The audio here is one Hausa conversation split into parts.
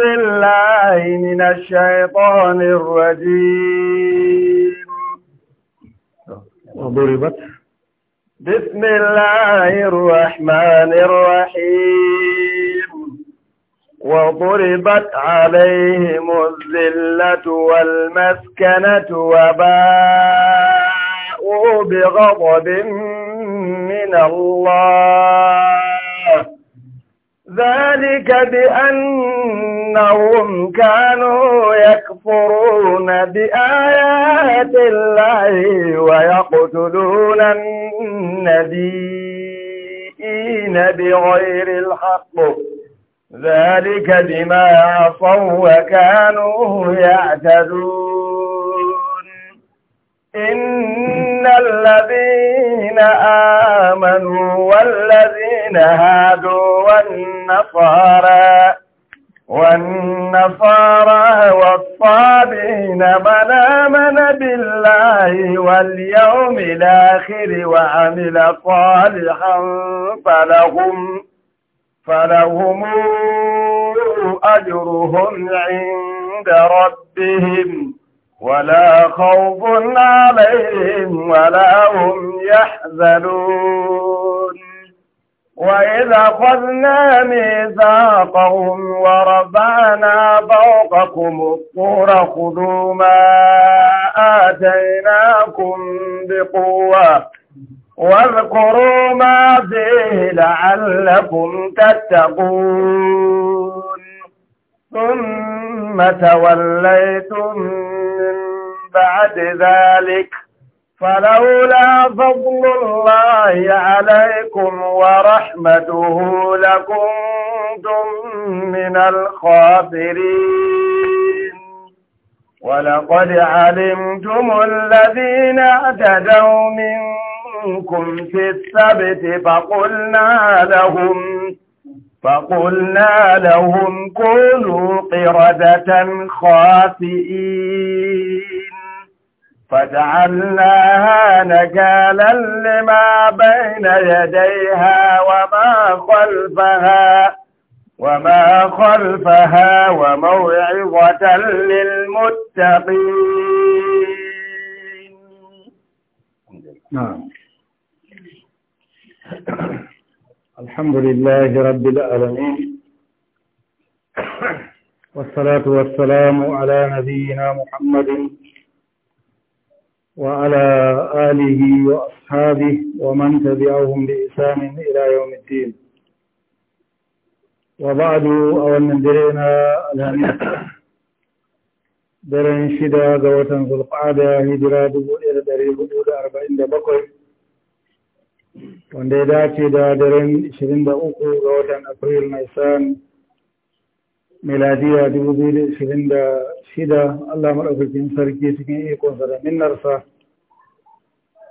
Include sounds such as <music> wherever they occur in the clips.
بالله من الشيطان الرجيم وضربت بسم الله الرحمن الرحيم وضربت عليهم الذلة والمسكنة وباءوا بغضب من الله ذلك بأنهم كانوا يكفرون بآيات الله ويقتلون النبيين بغير الحق ذلك بما عصوا وكانوا يعتدون إن إن الذين آمنوا والذين هادوا والنصارى والنصارى والصابين من آمن بالله واليوم الآخر وعمل صالحا فلهم فلهم أجرهم عند ربهم ولا خوف عليهم ولا هم يحزنون وإذا أخذنا ميثاقهم ورفعنا فوقكم الطور خذوا ما آتيناكم بقوة واذكروا ما فيه لعلكم تتقون ثم توليتم من بعد ذلك فلولا فضل الله عليكم ورحمته لكنتم من الخاسرين ولقد علمتم الذين اعتدوا منكم في السبت فقلنا لهم فقلنا لهم كونوا قردة خاسئين فجعلناها نجالا لما بين يديها وما خلفها وما خلفها وموعظة للمتقين نعم <coughs> الحمد لله رب العالمين والصلاة والسلام على نبينا محمد وعلى آله وأصحابه ومن تبعهم بإسان إلى يوم الدين وبعد أول من درينا الهنية درئن shida قوة watan القعدة hijira dubu ɗaya da ɗari wanda ya dace da daren 23 ga watan Afril mai san miladiya 2026 Allah maɗaukakin sarki cikin ikonsa da minnarsa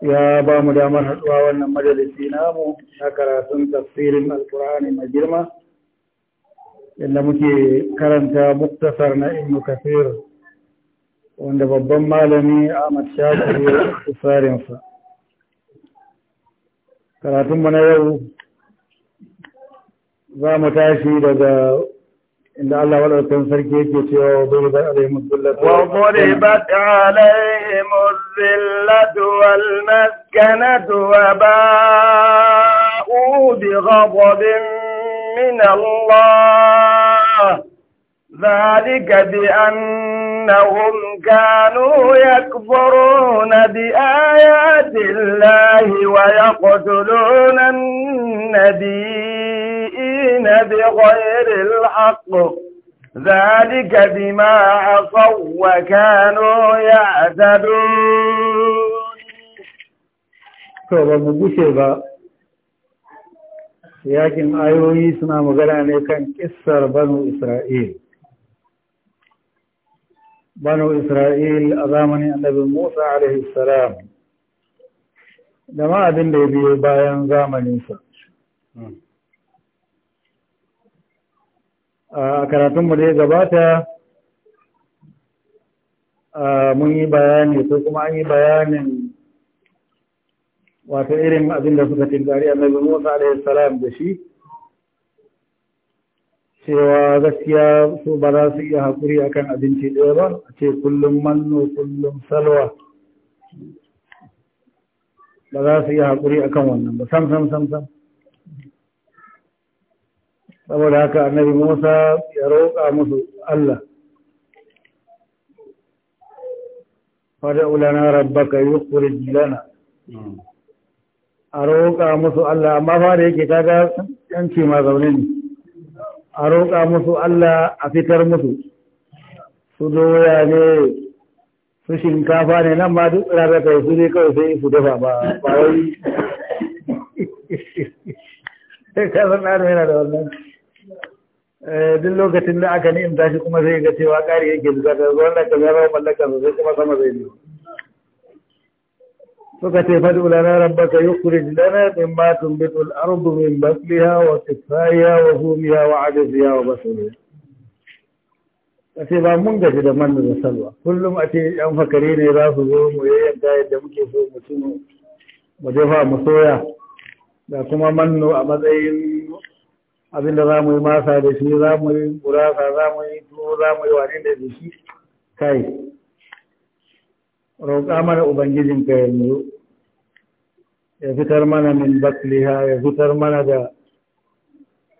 ya ba mu damar haɗuwa wannan majalisi namu na karatun tafsirin alkur'ani mai girma inda muke karanta muktasar na ibn kafir wanda babban malami Ahmad Shakir ya tsarinsa karatun na yau za mu tashi daga inda Allah waɗaukan sarki yake cewa wa bai ba alai musullatu wa bai ba alai musullatu wal maskanatu wa ba'u min Allah ذلك بأنهم كانوا يكفرون بآيات الله ويقتلون النبيين بغير الحق ذلك بما عصوا وكانوا يعتدون سوف نقول لكن gushe ba yakin ayoyi suna magana ne kan بنو إسرائيل أظامني النبي موسى عليه السلام لما أدن لي بي بايان زامني سا آه، أكراتم مدي غباتا آه، مني بياني سوكما أي بياني واتئرم أدن لسكة الداري النبي موسى عليه السلام دشي cewa gaskiya su ba za su iya haƙuri akan abinci ɗaya ba a ce kullum manno kullum salwa ba za su iya haƙuri akan wannan ba sam sam sam sam saboda haka annabi musa ya roƙa musu allah fada ulana rabbaka yukhrij lana hmm. a roƙa musu allah amma fa yake kaga yanci ma zaune ne a roƙa musu Allah a fitar musu su doya ne su shinkafa ne nan ba duk tsira kai su ne kawai sai su dafa ba ba wai sai <laughs> ka san yana da wannan eh, duk lokacin da aka ni'imta shi kuma zai ga cewa ƙari yake zuwa da zuwa da ka zama mallaka kuma sama zai ne suka ce fadu lana rabbaka yukhrij lana mimma tunbitu al-ardu min basliha wa qithaiha wa humiha wa adasiha wa basliha ce ba mun gaji da manna da salwa kullum a ce yan fakari ne za su zo mu yayyanka yadda muke so mu tuno mu jefa mu soya da kuma manno a matsayin abin da za mu yi masa da shi za mu yi gurasa za mu yi tuwo za mu yi wani da shi kai roƙa mana ubangijin ubangijinka yanzu ya fitar mana min bakliha ya fitar mana da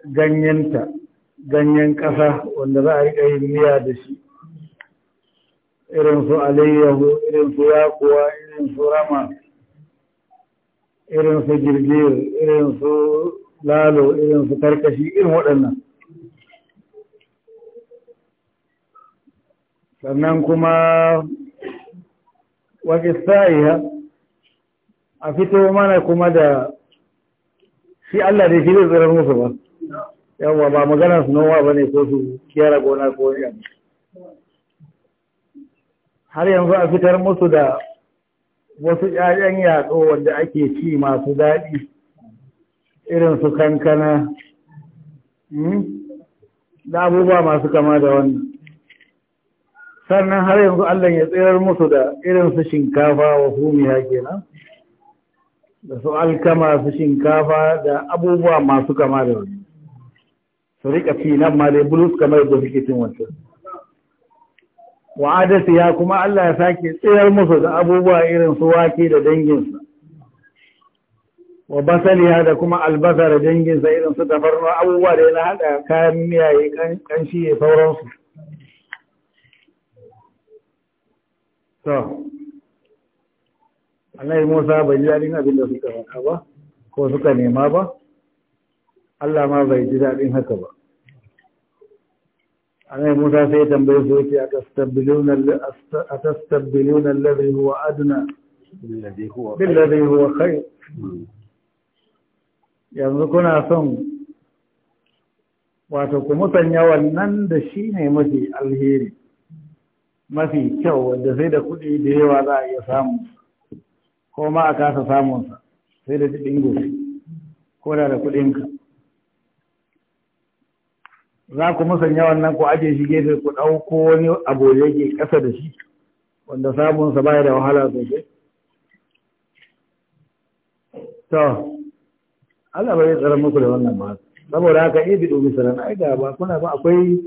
ganyenta ganyen ƙasa wanda za a riƙa yin miya da shi irin su alayyahu irin su yakuwa irin su rama irin su girgir irin su lalo irin su karkashi irin waɗannan sannan kuma wa a fito mana kuma da shi Allah da shi zai tsira musu ba yawa ba magana su nowa ba ne ko su kiyara gona ko ya har yanzu a fitar musu da wasu ƴaƴan yaɗo wanda ake ci masu daɗi irin su kankana da abubuwa masu kama da wannan sannan har yanzu Allah ya tsirar musu da irin su shinkafa wa humiya kenan da su alkama su shinkafa da abubuwa masu kama da wani su rika fi nan ma dai bulus kamar da suke cin wancan su ya kuma Allah ya sake tsirar musu da abubuwa irin su wake da danginsa wa basaliya da kuma albasa da danginsa irin su tafarnuwa abubuwa da yana haɗa kayan miyaye kanshi ya sauransu to Allah Musa bai ji daɗin abin da suka faɗa ba ko suka nema ba Allah ma bai ji daɗin haka ba Allah Musa sai ya tambaye su yake atastabbiluna atastabbiluna alladhi huwa adna billadhi huwa khair hmm. yanzu kuna son wato ku musanya wannan da shine mafi alheri mafi kyau wanda sai da kuɗi da yawa za a iya samu ko ma a kasa samunsa sai da jiɗin gobe ko da da kuɗinka za ku musanya wannan ku ajiye shi gefe ku ɗauko wani abu da yake ƙasa da shi wanda samunsa baya da wahala sosai to Allah bai tsara muku da wannan ba saboda haka ibi domin sanan ai da ba kuna ba akwai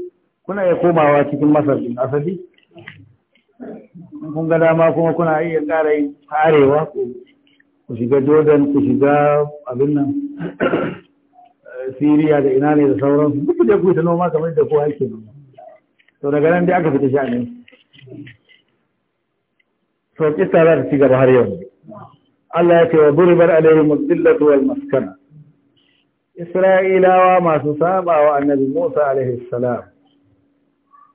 kuna ya komawa cikin masar din asali kun ga dama kuma kuna iya ƙara yin arewa ku shiga jordan ku shiga abin nan eh, siriya da ina ne da sauransu duk da ku ta noma kamar da ku yake noma to daga nan dai aka fita ne to kisa za ta ci gaba har yau Allah ya ce wa duribar alaihim adillatu wal maskana Isra'ilawa masu sabawa annabi Musa alaihi salam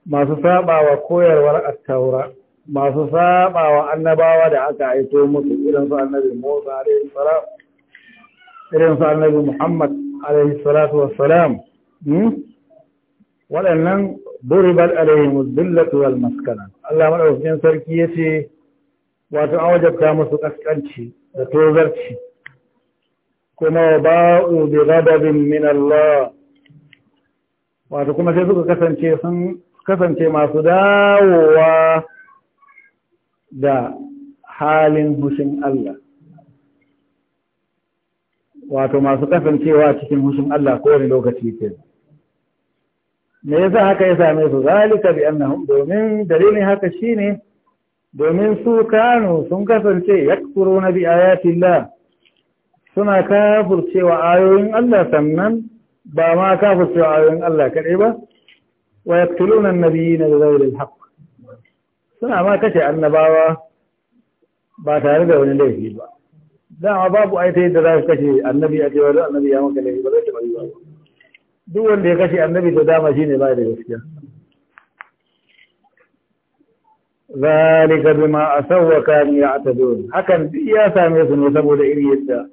masu sabawa koyarwar attaura masu sabawa annabawa da aka aito musu irin su annabi Musa alaihi salam irin su annabi Muhammad alaihi salatu wassalam hmm? waɗannan duribar alaihim zillatu wal maskana Allah madaukakin sarki yace wato an wajabta musu kaskanci da tozarci kuma ba'u bi ghadabin min Allah wato kuma sai suka kasance sun kasance masu dawowa da halin hushin Allah wato masu kasancewa cikin hushin Allah kowane lokaci ke me yasa haka ya same su zalika bi annahum domin dalilin haka shine domin su kanu sun kasance na bi ayatillah suna kafurcewa ayoyin Allah sannan ba ma kafurcewa ayoyin Allah kadai ba ويقتلون النبيين بغير الحق سنة ما كشع النبارة باتارده من الله في الله دعوا بابو أيتي تدايش كشي النبي أتي ولو النبي يامك الله في الله دو اللي كشي النبي تدام شيني بايده كشي ذلك بما أسوى كان يعتدون حكا يا سامي سنو سبو لإلي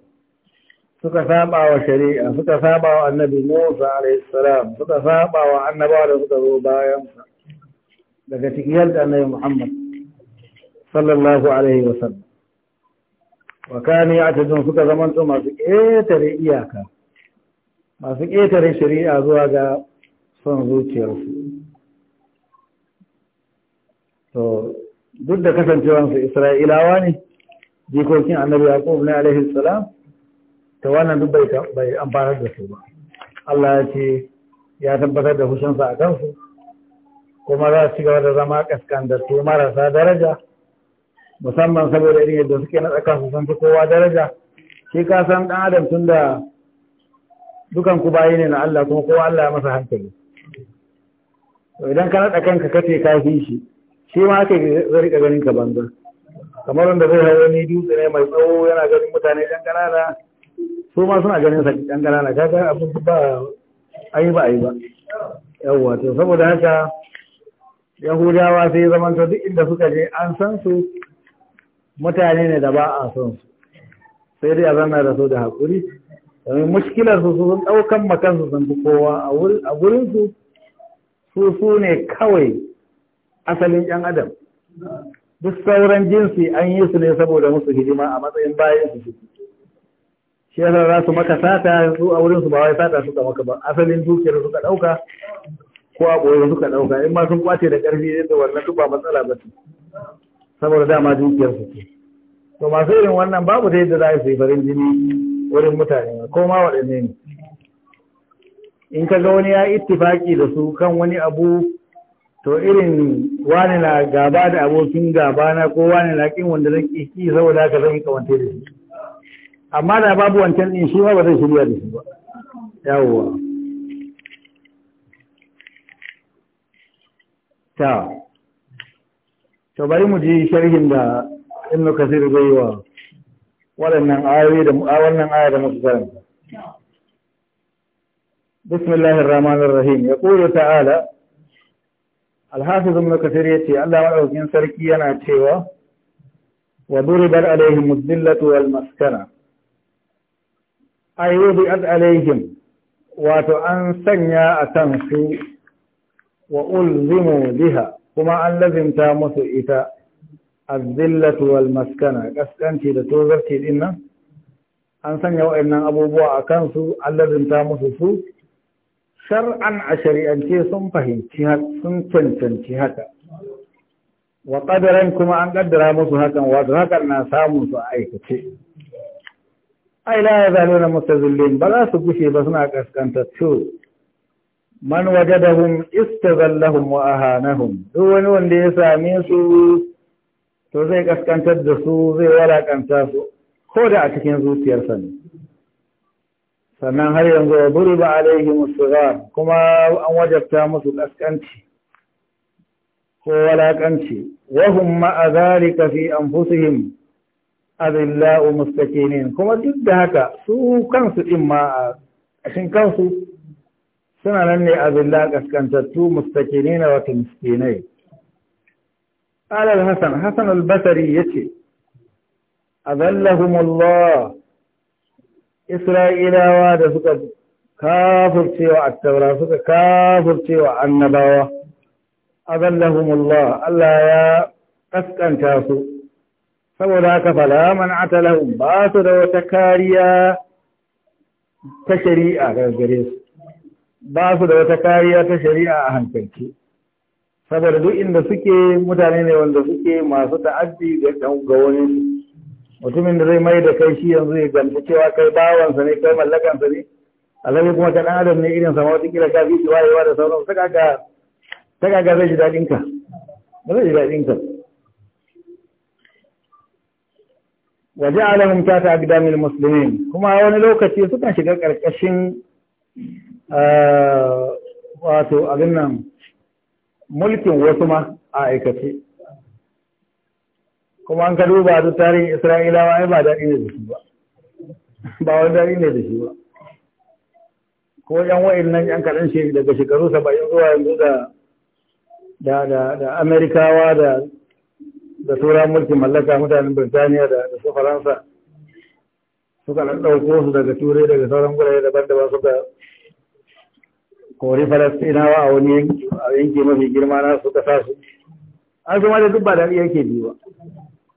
suka saba wa shari'a suka saba wa annabi Musa alayhi salam suka saba wa annabawa da suka zo bayansa daga cikiyar da annabi Muhammad sallallahu alaihi wa sallam wa kani ya tajin suka to masu ƙetare iyaka masu ƙetare shari'a zuwa ga son zuciyarsu to duk da su isra'ilawa ne jikokin annabi yaqub ne alaihi salam ta wannan duk bai amfanar da su ba Allah ya ce ya tabbatar da hushinsa a kansu kuma za su cigaba da zama kaskandattu marasa daraja musamman saboda irin yadda suke na su sun fi kowa daraja shi ka san ɗan adam tun da dukan ku bayi ne na Allah kuma kowa Allah ya masa hankali to idan ka naɗa kanka kace ka fi shi shi ma ka zari ka ganin ka banza kamar wanda zai hau wani dutse ne mai tsawo yana ganin mutane ɗan ƙanana su ma suna ganin sa ɗan ƙanana kaga abin ba ayi ba ayi ba yawwa to saboda haka yahudawa sai zaman to duk inda suka je an san su mutane ne da ba a son su sai dai a zanna da su da haƙuri domin mushkilar su sun ɗaukan makansu sun fi kowa a gurin su su su ne kawai asalin 'yan adam duk sauran jinsi an yi su ne saboda musu hidima a matsayin bayan su shi yasa za su maka sata su a wurin su ba wai sata suka maka ba asalin dukiyar suka dauka ko a boye suka dauka in ma sun kwace da karfi yadda wannan duk ba matsala ba ce saboda dama dukiyar su ce to masu irin wannan babu da yadda za su yi farin jini wurin mutane ko ma waɗanne ne in ka ga wani ya ittifaki da su kan wani abu to irin wani na gaba da abokin gaba na ko wani na kin wanda zan ki saboda haka zan yi kawance da shi amma da babu wancan ɗin shi ma ba zai shirya da shi ba yawwa ta to bari mu ji sharhin da ibnu kasir zai wa waɗannan ayoyi da wannan aya da muka karanta بسم الله الرحمن الرحيم يقول تعالى الحافظ ابن كثير يتي الله وعوذ من سركي أنا تيوا وضربت عليهم الذلة والمسكنة ai wudi'at alaihim wato an sanya a kan su wa ulzimu biha kuma an lazimta musu ita azzillatu wal maskana kaskanci da tozarci din nan an sanya wa'annan abubuwa a kansu an lazimta musu su shar'an a shari'ance sun fahimci sun cancanci haka wa kuma an kaddara musu hakan wato hakan na samun su a aikace ai la yazaluna mutazillin ba za su gushe ba suna kaskantattu man wajadahum istazallahum wa ahanahum duk wani wanda ya same su to zai kaskantar da su zai walakanta su ko da a cikin zuciyarsa ne sannan har yanzu ya buri ba alaihim sigar kuma an wajabta musu kaskanci ko walakanci wahum ma'a fi anfusihim azillau mustakinin kuma duk da haka su kansu din ma a cikin kansu suna nan ne azilla kaskantattu mustakinin wa miskinai قال الحسن حسن البصري يتي أذلهم الله إسرائيل وادا سكا كافر تيوى التوراة سكا كافر تيوى النبوة أذلهم الله ألا يا قسكن تاسو saboda haka fala man'ata lahum ba su da wata kariya ta shari'a ga gare su ba su da wata kariya ta shari'a a hankalci saboda duk inda suke mutane ne wanda suke masu ta'addi ga dan ga wani mutumin da zai mai da kai shi yanzu ya gamsu cewa kai bawansa ne kai mallakansa ne alhali kuma ka ɗan adam ne irin sama wata kila ka fi wayewa da sauran ta kaga ta zai ji daɗinka ka zai ji dadin ka waje alamun ta ta gidamin musulmin kuma wani lokaci sukan shiga ƙarƙashin wato abin nan mulkin wasu ma a aikace kuma an ka duba su tarihin isra'ilawa ai ba daɗi ne da shi ba ba wani daɗi ne da shi ba ko yan wa'in nan yan kaɗan shi daga shekaru saba'in zuwa yanzu da da da amerikawa da da sauran mulkin mallaka mutanen Birtaniya da su Faransa suka ɗauko su daga Turai daga sauran gurare daban-daban suka kori Falastinawa a wani yanki mafi girma na suka sa su. An su ma da duk ba daɗi yake bi ba.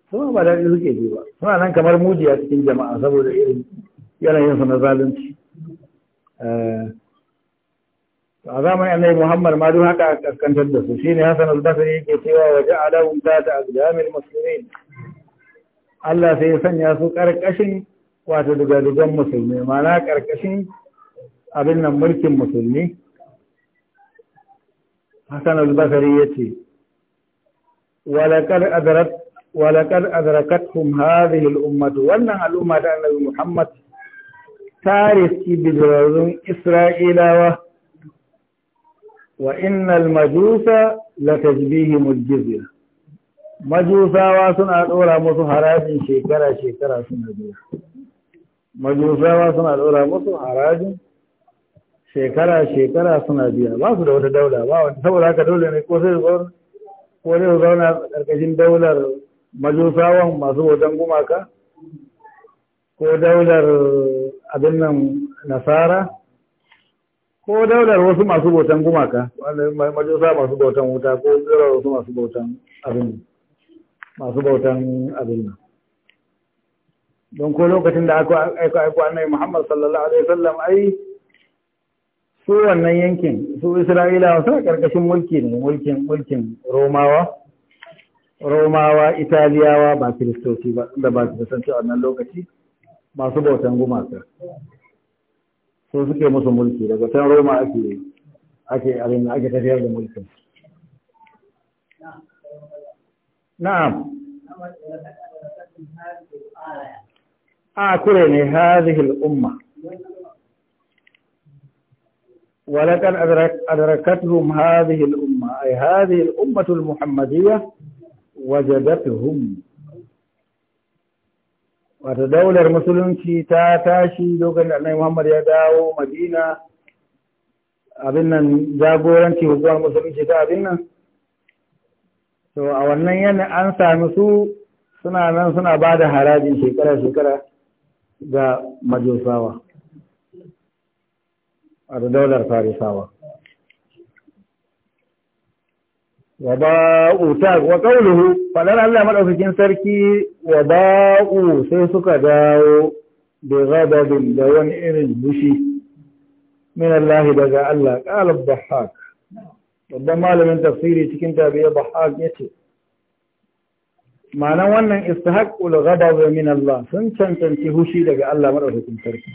Su ba daɗi suke bi ba. Suna nan kamar mujiya cikin jama'a saboda irin yanayinsu na zalunci. Eh, a zamanin annabi Muhammad ma duk haka aka kaskantar da su shine Hassan al-Basri yake cewa waje alahum ta azgamil muslimin Allah sai ya sanya su karkashin wato dugadugan musulmi mana karkashin abin nan mulkin musulmi Hassan al-Basri yace walaqad adrat walaqad adrakatkum hadhihi al-ummah wannan al'umma ta annabi Muhammad ta riski Isra'ilawa wa innal majusa la tajbihim aljizya majusawa suna dora musu harajin shekara shekara suna biya majusawa suna dora musu harajin shekara shekara suna biya ba su da wata daula ba wanda saboda haka dole ne ko sai zauna ko sai daular majusawan masu hoton gumaka ko daular abin nasara ko daular wasu masu bautan gumaka majalisa masu bautan wuta ko daular wasu masu bautan abin masu bautan abin don ko lokacin da aka aiko aiko annabi Muhammad sallallahu alaihi wasallam ai su wannan yankin su Isra'ilawa suna karkashin mulki ne mulkin mulkin Romawa Romawa Italiyawa ba Kiristoci ba da ba su san cewa wannan lokaci masu bautan gumaka sai suke musu mulki daga can roma ake ake arin ake tafiyar da mulkin na'am a kure ne hadhihi al-umma ولقد أدركتهم هذه الأمة أي هذه الأمة المحمدية وجدتهم wato daular musulunci ta tashi lokacin da annabi Muhammad ya dawo Madina abin nan jagoranci hukumar musulunci ta abin nan to a wannan yana an sami su suna nan suna ba da harajin shekara-shekara ga majusawa da daular farisawa wa ba'u ta wa qawluhu faɗar Allah madaukakin sarki wa ba'u sai suka dawo bi ghadabin da wani irin bushi min Allah daga Allah qala dhahak babban malamin tafsiri cikin tabi'a bahak yace ma'ana wannan istihaqul ghadab min Allah sun cancanci hushi daga Allah madaukakin sarki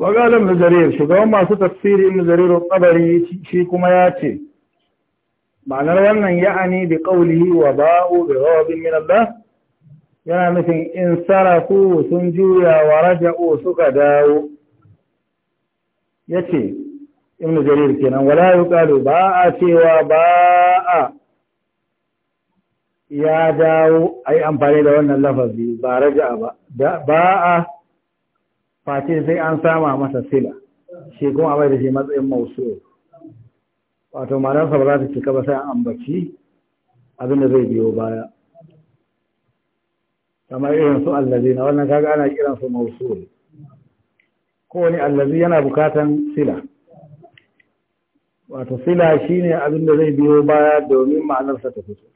wa qala ibn jarir shugaban masu tafsiri ibn jarir al-qabari shi kuma yace ma'anar wannan ya'ani bi qawlihi wa ba'u bi ghadabin min Allah yana nufin in sarafu sun juya wa raja'u suka dawo yace ibnu jarir kenan wala yuqalu ba a cewa ba a ya dawo ai amfani da wannan lafazi ba raja'a ba ba a face sai an sama masa sila shi kuma abai da shi matsayin mausul wato ma'anarsa ba za ta cika ba sai an ambaci abin da zai biyo baya kamar irin su allazi na wannan kaga ana kiran su mausul kowane allazi yana bukatan sila wato sila shine abin da zai biyo baya domin ma'anarsa ta fito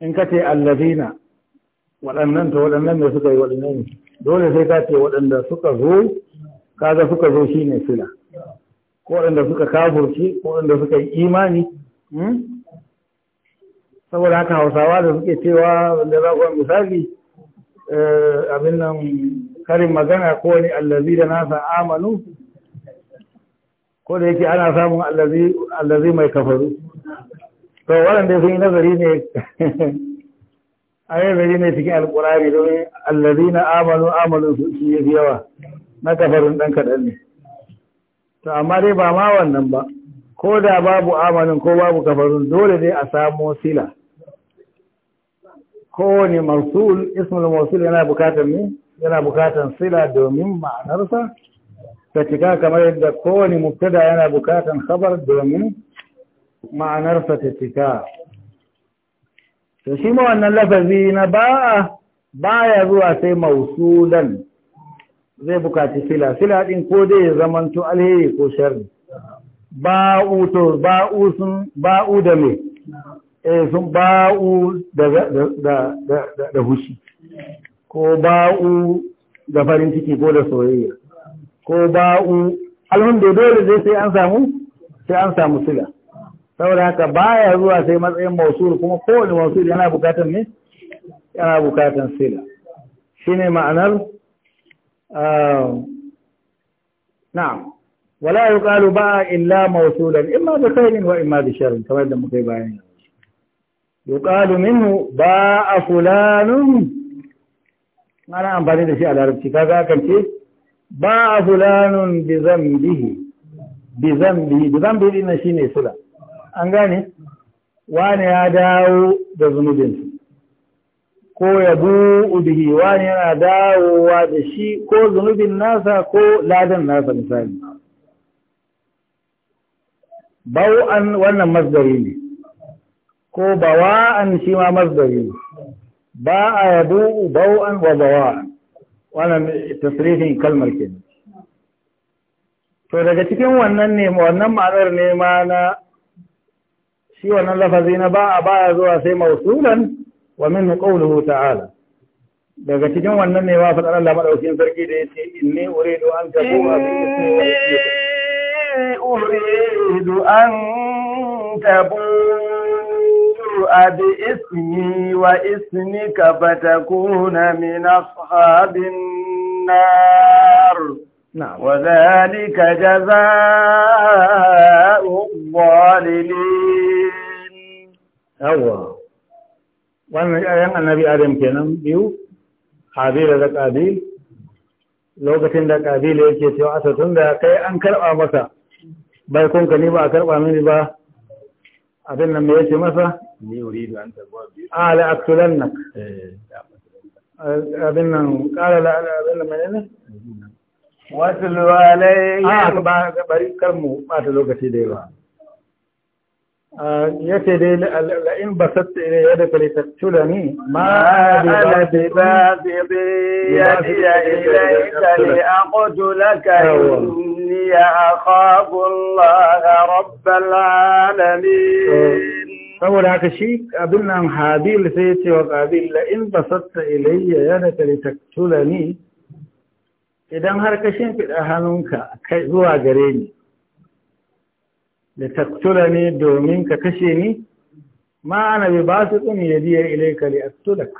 in ka ce na waɗannan ta waɗannan ne suka yi waɗannan dole sai ka ce waɗanda suka zo kaga suka zo shine sila ko waɗanda suka kafurci ko waɗanda suka yi imani hmm? saboda haka hausawa da suke cewa wanda za ku misali eh, abin nan karin magana ko wani allazi da nasa amanu ko da yake ana samun allazi mai kafaru to waɗanda sun yi nazari ne a <laughs> nazari ne cikin alkurari domin allazi na amanu amanu su yi yawa na kafarin ɗan kaɗan ne to amma dai ba ma wannan ba ko da babu amanin ko babu kafarun dole dai a samo sila kowane masul ismul masul yana bukatar ne yana bukatar sila domin ma'anarsa ta cika kamar yadda kowane mubtada yana bukatar khabar domin ma'anarsa ta cika to shi ma wannan lafazi na ba baya zuwa sai mausulan zai bukaci sila sila din ko dai ya zamanto alheri ko sharri ba'u to ba'u sun ba'u da me eh sun ba'u da da da da hushi ko ba'u da farin ciki ko da soyayya ko ba'u alhamdu dole zai sai an samu sai an samu sila saboda haka baya zuwa sai matsayin mausul kuma kowane mausul yana bukatan ne yana bukatan sila shine ma'anar na'am wala yuqalu ba illa mawsulan imma bi khairin wa imma bi sharrin kamar da muka yi bayani yuqalu minhu ba'a fulanun mana amfani da shi a larabci kaga kan ce ba'a fulanun bi zambihi bi zambihi bi zambihi din shine sula an gane wani ya dawo da zunubinsa ko yabu bihi wani yana dawowa da shi ko zunubin nasa ko ladan nasa misali an wannan masgari ne ko bawa'an shi ma masgari. ne ba a yabu bau'an wa bawa'an wannan tasirifin kalmar ke to daga cikin wannan ne wannan ma'anar ne ma na shi wannan lafazi na ba a baya zuwa sai mausulan wa min qawluhu ta'ala daga cikin wannan ne ma fadar Allah madaukakin sarki da yace inni uridu an takuma bi ismi wa uridu an tabura bi ismi wa ismika fatakuna min ashabin nar نعم وذلك جزاء الظالمين أوه. wannan ƴaƴan annabi adam kenan biyu habila da qabil lokacin da qabil yake cewa asa tun da kai an karba masa bai kun ka ni ba a karba mini ba abin nan me yake masa ni uridu an tarwa bi ala ah, aktulannak eh, eh, abin nan kala la abin nan menene wasu alai a ah, ba bari kar mu ba ta lokaci da yawa ce dai la'in basatta ila yadaka litaktulani ma ana bi basidi yadiya ilayka li aqtulaka inni akhafu Allah rabbal alamin saboda haka shi abin nan habil sai ce wa qabil la'in basatta ilayya yadaka litaktulani idan har ka fiɗa hannunka kai zuwa gare ni da taktula ne domin ka kashe ni ma ana bai ba su tsumi ya biya ka li aktulak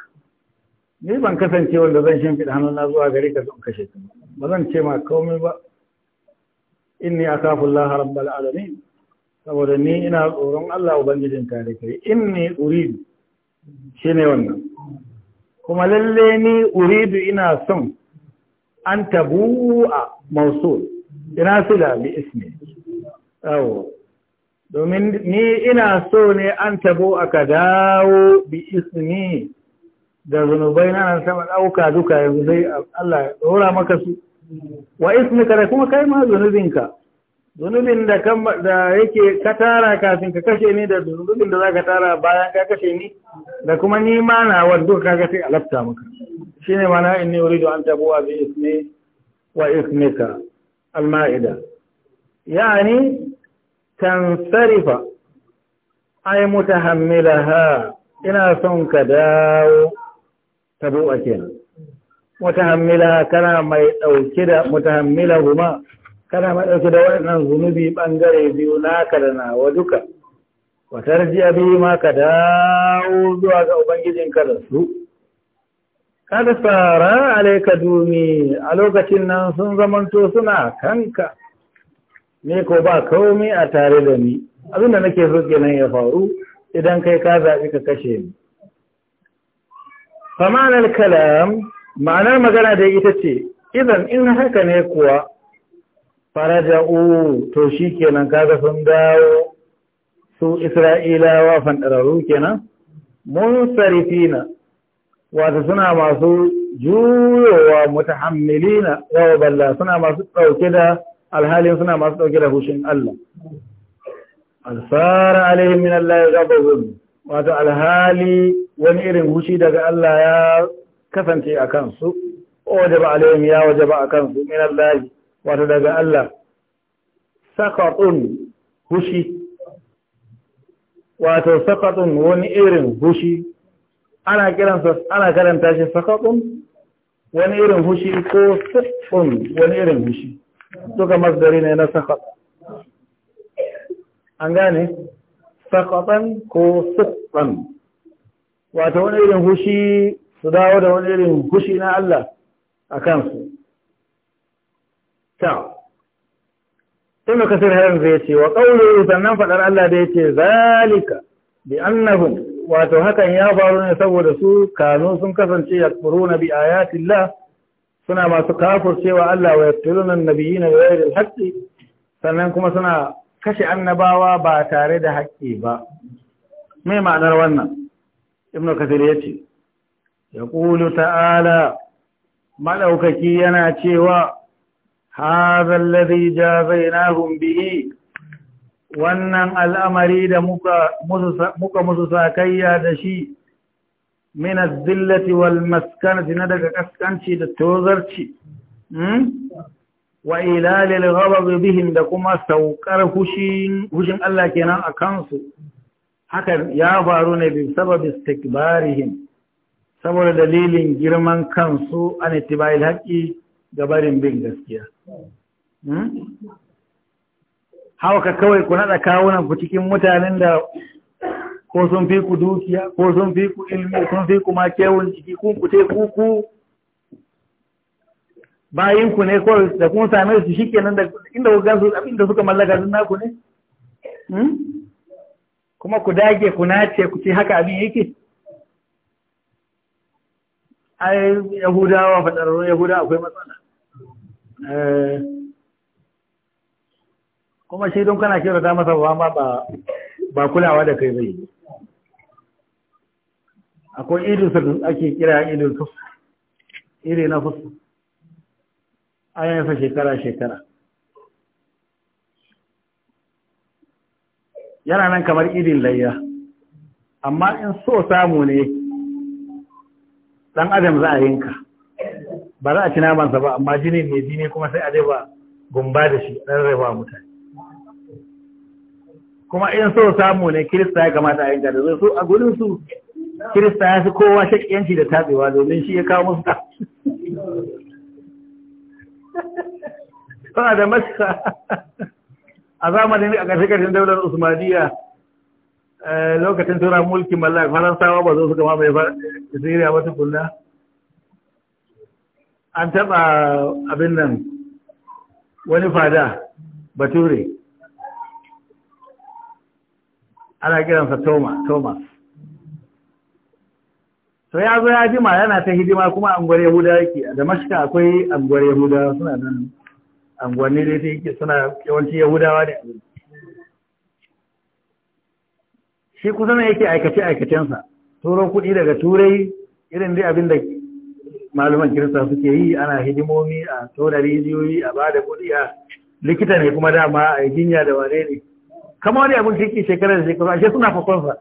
ni ban kasance wanda zan shan hannun hannuna zuwa gari ka zan kashe ka ba zan ce ma komai ba inni akhafu Allah rabbal alamin saboda ni ina tsoron Allah ubangijin kai inni uridu shine wannan kuma lalle ni uridu ina son an a mausul ina sila bi ismi domin ni ina so ne an tabo aka dawo bi ismi da zunubai na nan sama ɗauka duka yanzu zai Allah ya ɗora maka su wa ismi kada kuma kai ma zunubinka zunubin da yake ka tara kafin ka kashe ni da zunubin da za tara bayan ka kashe ni da kuma ni ma na wadda ka ga sai alafta maka shi ne mana in ne wuri an tabo bi ismi wa ismika al-ma'ida yani tansarifa ai mutahammilaha ina son ka dawo tabu'a kenan mutahammilaha kana mai dauke da mutahammilahuma kana mai dauke da waɗannan zunubi bangare biyu naka da nawa duka wa tarji'a abi ma ka dawo zuwa ga ka da su kada fara alaika dumi a lokacin nan sun zamanto suna kanka ni ko ba komai a tare da ni abin da nake so kenan ya faru idan kai ka zaɓi ka kashe ni famanar kalam ma'anar magana da ita ce idan in haka ne kuwa faraja'u to shi kenan kaga sun dawo su isra'ilawa fanɗararru kenan munsarifina wata suna masu juyowa mutahammilina wa balla suna masu ɗauke da alhalin suna masu ɗauke da hushin Allah alfara alaihim min Allah ya gabazun wato alhali wani irin hushi daga Allah ya kasance a kansu wajaba alaihim ya ba a kansu min Allah wato daga Allah sakaɗun hushi wato sakaɗun wani irin hushi ana kiransa ana karanta shi sakaɗun wani irin hushi ko sakatun wani irin hushi duka masdari ne na sakat an gane sakatan ko sukan wato wani irin hushi su dawo da wani irin hushi na Allah a kansu ta da kasir harin zai ce wa ƙaure sannan faɗar Allah da ya ce zalika bi annahum wato hakan ya faru ne saboda su kanu sun kasance ya na bi ayatillah suna masu cewa Allah wa yaktuluna an-nabiyina bighayri al-haqqi sannan kuma suna kashe annabawa ba tare da haƙƙi ba mai ma'anar wannan ibnu kathir yace kulu ta'ala madaukaki yana cewa hadha alladhi jazainahum bihi wannan al'amari da muka musu sakayya da shi min az-zillati wal maskanati na daga kaskanci da tozarci wa ila lil ghadab bihim da kuma saukar hushin hushin Allah kenan a kansu haka ya faru ne bi sababi istikbarihim saboda dalilin girman kansu an itibail haqqi gabarin bin gaskiya hawaka kawai ku nada kawunan ku cikin mutanen da ko sun fi ku dukiya ko sun fi ku ilmi sun fi ku makewun jiki kun ku te kuku bayin ku ne ko da kun same su shikenan da inda ku gansu abinda suka mallaka sun naku ne hmm? kuma ku dage ku nace ku ce haka abin yake ai yahudawa fadararrun yahuda akwai matsala eh. kuma shi don kana kira ta masa ba ba kulawa da kai bai akwai idin da ake kira idin fusu iri na fusu an yansa shekara-shekara yana nan kamar idin layya amma in so samu ne dan adam za a yinka ba za a ci namansa ba amma jini ne jini kuma sai a ba gumba da shi ɗan raba mutane kuma in so samu ne kirista ya kamata a yinka da zai so a gudun su Kirista ya fi kowa shakiyanci da tabewa domin shi ya kawo musu ta. Suna da masa a zamanin a ƙarshe-ƙarshen daular Usmaniya eh, lokacin tura mulkin mallaka Faransawa ba zo suka mamaye Siriya ba tukunna. An taɓa abin nan wani fada Bature. Ana kiransa Thomas. to ya zo ya jima yana ta hidima kuma anguwar yahuda yake da mashika akwai anguwar yahuda suna nan anguwanni dai ta yake suna yawanci yahudawa ne shi kusa na yake aikace aikacensa turo kuɗi daga turai irin dai abin da malaman kirista suke yi ana hidimomi a tona rijiyoyi a bada kuɗi a likita ne kuma dama a yi jinya da wane ne kama wani abin shi ke shekarar da shekaru ashe suna fakonsa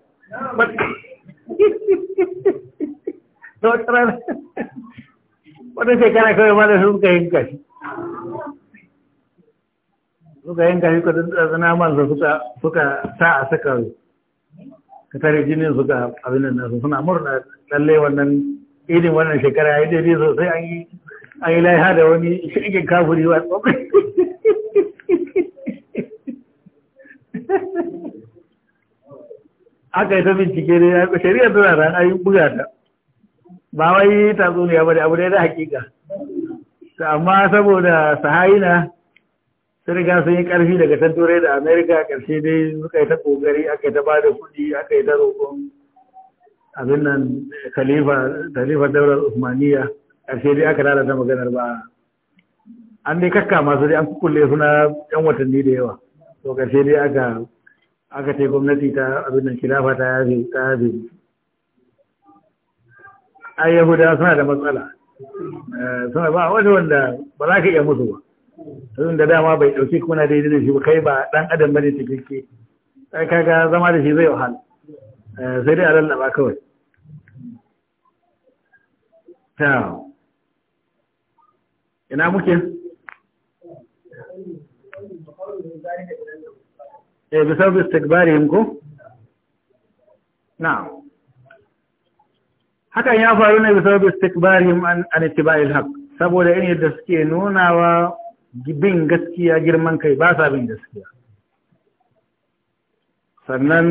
ta wata rana wata shekara kawai ma da suka yanka shi suka yanka shi kudin tsazana man da suka sa a saka ka tare jinin suka abin da nasu suna murna lalle wannan irin wannan shekara ya yi dai sosai an yi an yi laiha da wani shirgin kafuri wa tsobai aka yi ta bincike ne shari'a tana ran ayi buga ta ba wai tatsuniya ba da abu da na hakika amma saboda sahayina sun riga sun yi karfi daga can turai da amerika ƙarshe dai suka yi ta kogari aka yi ta bada kuɗi aka yi ta roƙon abin nan khalifa khalifa daular usmaniya ƙarshe dai aka lalata maganar ba an dai kakka masu dai an kukulle suna yan watanni da yawa to ƙarshe dai aka aka ce gwamnati ta abin nan khilafa ta yafe ta yafe ai Yahudawa suna da matsala eh, suna ba wani wanda ba za ka iya musu ba tun da dama bai ɗauki kuna daidai da shi ba kai ba ɗan adam bane cikakke Sai kaga zama da shi zai wahala eh, sai dai a lallaba kawai ta ina muke eh bisa bistakbarihim ko na'am hakan ya faru ne bisa bi istikbarihim an an ittiba'il haqq saboda irin yadda suke nunawa bin gaskiya girman kai ba sa bin gaskiya sannan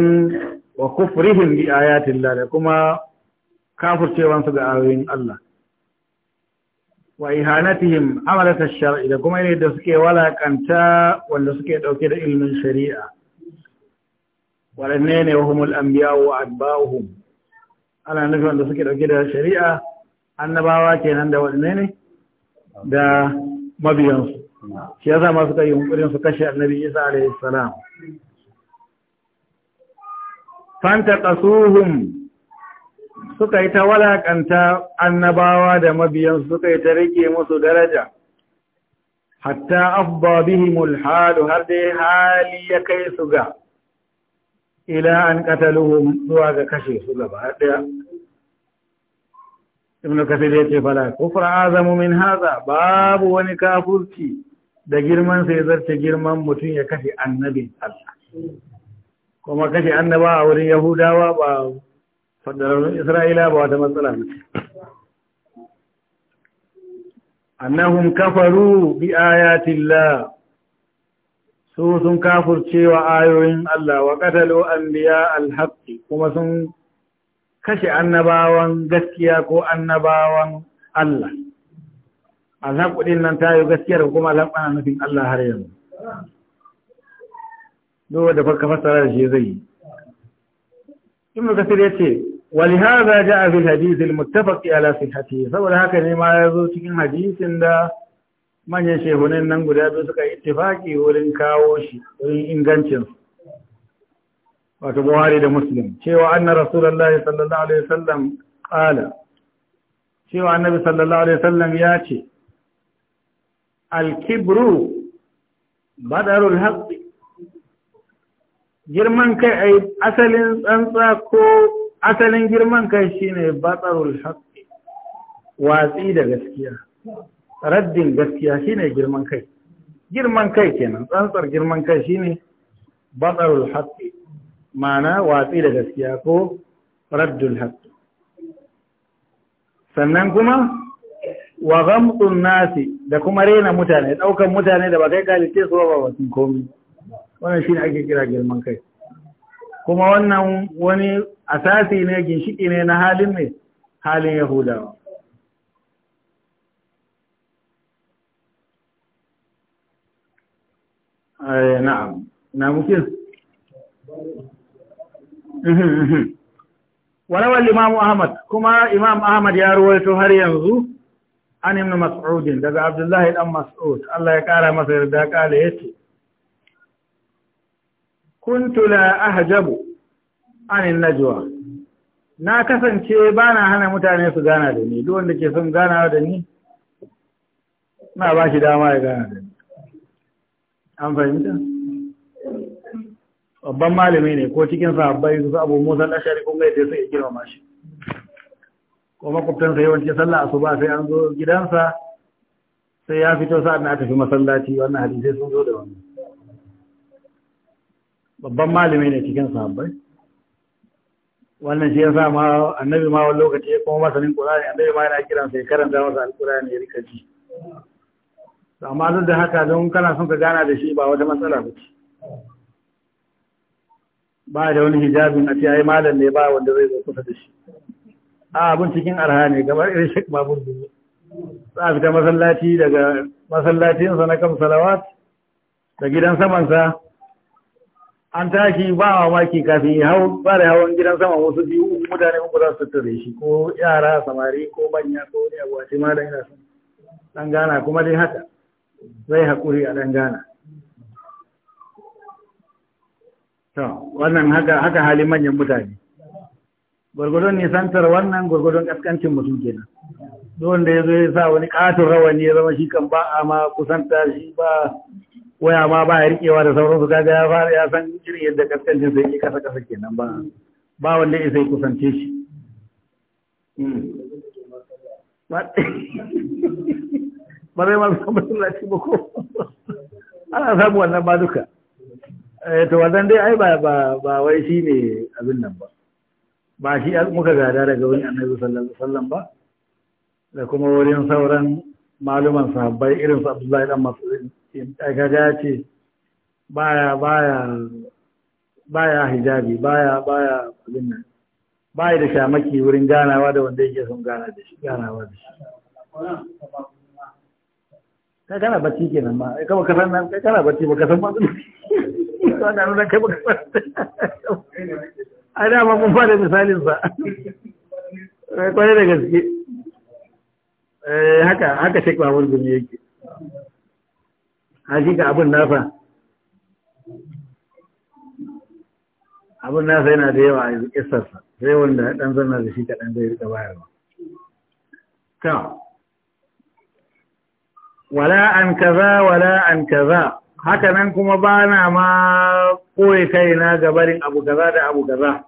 wa kufrihim bi ayatin Allah da kuma kafircewan su ga ayoyin Allah wa ihanatihim amalat ash-shar'i da kuma yadda suke walakanta wanda suke dauke da ilmin shari'a Wa lanne ne humul anbiya wa atba'uhum ana nufin wanda suke dauke da shari'a annabawa kenan da wani ne da mabiyansu shi yasa ma suka yi hunkurin su kashe annabi isa alaihi salam fanta qasuhum suka yi ta walakanta annabawa da mabiyansu suka yi ta rike musu daraja hatta afba bihimul har dai hali ya kai su ga ila an qataluhum zuwa ga kashe su gaba daya ibn kasir yace fala kufra azamu min hadha babu wani kafurci da girman sai zarta girman mutum ya kashe annabi Allah kuma kashe annaba a wurin yahudawa ba fadararun isra'ila ba wata matsala ba annahum kafaru bi ayatillah su sun kafurce wa ayoyin Allah wa qatalu an biya alhaƙi, kuma sun kashe annabawan gaskiya ko annabawan Allah alhaqu din nan tayo gaskiyar kuma alhaqu ana nufin Allah har yanzu duk da farka fassara da shi zai yi ibnu kasir yace ولهذا جاء في الحديث المتفق على صحته saboda haka ne ma ya zo cikin hadisin da manyan shehunan nan guda biyu suka yi tifaki wurin kawo shi wurin ingancin wato buhari da muslim cewa anna rasulullahi sallallahu alaihi wasallam qala cewa annabi sallallahu alaihi wasallam ya ce al-kibru badarul haqq girman kai ai asalin tsantsa ko asalin girman kai shine badarul haqq watsi da gaskiya raddin gaskiya shine girman kai girman kai kenan tsantsar girman kai shine batsarul haqqi ma'ana watsi da gaskiya ko raddul haqqi sannan kuma wa ghamtun nasi da kuma rena mutane daukan mutane da ba kai kalice su ba ba sun komi wannan shine ake kira girman kai kuma wannan wani asasi ne ginshiki ne na halin ne halin yahudawa Eh, na'am na mukin mhm, mhm. ahmad kuma imam ahmad ya ruwaito har yanzu an imna mas'udin daga abdullahi dan mas'ud Allah ya kara masa yarda kala yace kuntu jabu ahjabu anin najwa na kasance bana hana mutane su gana da ni duk wanda ke son ganawa da ni na ba shi dama ya da ni an fahimta babban malami ne ko cikin sahabbai su abu musa ashari kun gaita sai ya girma shi ko makwabtansa yawanci sallah asuba sai an zo gidansa sai ya fito sa'ad na tafi masallaci wannan hadisai sun zo da wannan babban malami ne cikin sahabbai wannan shi ya sa ma annabi ma wani lokaci ya kuma masanin qur'ani annabi ma yana kiransa ya karanta masa alqur'ani ya rika ji amma duk da haka don kana son ka gana da shi ba wata matsala ba ce ba da wani hijabin a ce ai malam ne ba wanda zai zo kusa da shi a abin cikin arha ne kamar irin shek babur ne za a fita masallaci daga masallacinsa na kam salawat da gidan samansa an tashi ba mamaki kafin ya hau ba da hawan gidan sama wasu biyu mutane uku za su tattare shi ko yara samari ko manya ko wani abu a ce malam yana son dan gana kuma dai haka zai haƙuri a ɗan gana to wannan haka Hali halin manyan mutane gwargwadon nisantar wannan gwargwadon ƙasƙancin mutum kenan don da ya zo ya sa wani ƙaton rawani ya zama shi kan ba a ma kusanta shi ba waya ma ba ya riƙewa da sauransu kaga ya fara ya san irin yadda ƙasƙancin sai ke kasa kasa kenan ba ba wanda ya sai kusance shi hmm. ba zai ma bisa masallaci ba ko ana samu wannan ba duka eh, to wannan dai ai ba ba wai shi ne abin nan ba ba shi muka gada daga wani annabi sallallahu alaihi wasallam ba da kuma wurin sauran maluman sahabbai irin su Abdullahi dan Mas'ud ai kaga ya ce baya baya baya hijabi baya baya abin nan baya da shamaki wurin ganawa da wanda yake son gana da shi ganawa da shi ka kana bacci kenan ma kama baka san nan kai kana bacci baka san matsaloli wannan nan kai baka san ai da ma mun fara misalin sa kai kwarai da gaske eh haka haka shek babur gumi yake haji ga abun nasa abun nasa yana da yawa a yanzu kissarsa sai wanda dan zanna da shi kaɗan zai rika bayarwa. Ciao. ولا أن كذا ولا أن كذا هكذا نكم بانا ما قوي كينا جبر أبو كذا دا أبو كذا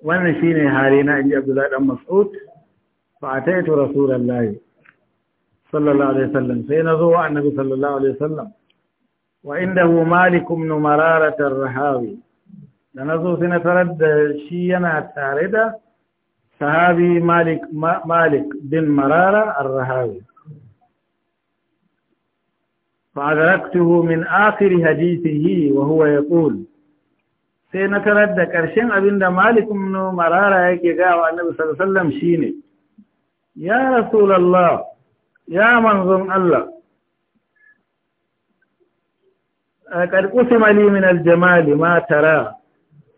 وانا شيني هارينا إن عبد الله أم مسعود فأتيت رسول الله صلى الله عليه وسلم سينظوا عن النبي صلى الله عليه وسلم وعنده مالك من مرارة الرحاوي لنظوا سنترد شينا التاردة صحابي مالك مالك بن مرارة الرحاوي فأدركته من آخر حديثه وهو يقول sai na tarar da ƙarshen abin da Malik ibn Marara yake gawa Annabi sallallahu alaihi wasallam shine ya Rasulullah ya manzon Allah qad qusima min al-jamal ma tara